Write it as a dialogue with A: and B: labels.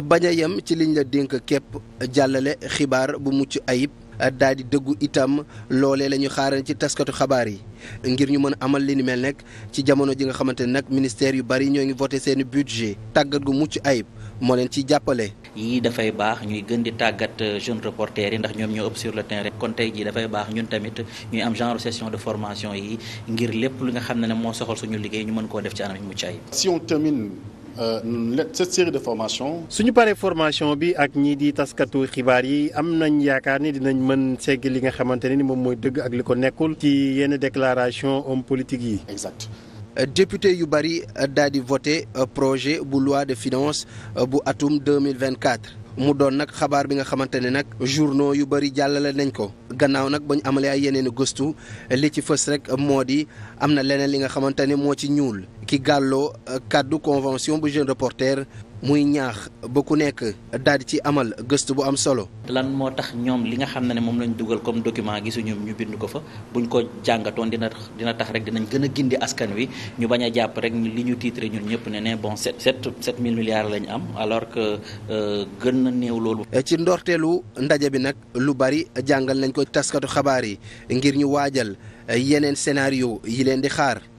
A: bañ a yem ci liñ la dénk képp jàllale xibaar bu mucc ayib daal di dëggu itam loolee lañu xaaral xaaran ci taskatu xabaar yi ngir ñu mën amal li ni mel nekk ci jamono ji nga xamante ne nag ministère yu bari ñoo ngi voté seeni budget tàggat gu mucc ayib moo leen ci jàppale.
B: yii dafay baax ñuy gën di tàggat euh, jeunes reporters yi ndax ñoom ñoo ëpp sur le terrain kon tey jii dafay baax ñun tamit ñuy am genre session de formation yi ngir lépp li nga xam ne moo soxal
C: suñu liggéey ñu mën koo def ci anam mucc Euh, cette série de formation.
D: suñu paree formation bi ak ñii di taskatu xibaar yi am nañ yaakaar ni dinañ mën segg li nga xamante ne ni moom mooy dëgg ak li ko nekkul ci yenn déclaration homme politique yi. exact.
A: Euh, député yu bëri euh, daal di voté projet bu loi de finance bu atum 2024 mu doon nag xabaar bi nga xamante ne nag journaux yu bëri jàllale nañ ko. gannaaw nag ba ñu amalee ay yeneen gostu li ci fës rek moo di am na leneen li nga xamante ne moo ci ñuul ki gàlloo euh, kàddu convention bu jeune reporter muy ñaax ba ku nekk daal di ci amal gëstu bu am solo.
B: lan moo tax ñoom li nga xam ne moom lañ dugal comme document gisuñu ñu bind ko fa buñ ko jàngatoon dina dina tax rek dinañ gën a gindi askan wi ñu bañ a jàpp rek li ñu tiitre ñun ñëpp ne ne bon sept sept sept mille milliards lañ am alors que
A: euh, gën na néew loolu. ci ndorteelu ndaje bi nag lu bari jàngal nañ ko taskatu xabaar yi ngir ñu waajal yeneen scénario yi leen di xaar.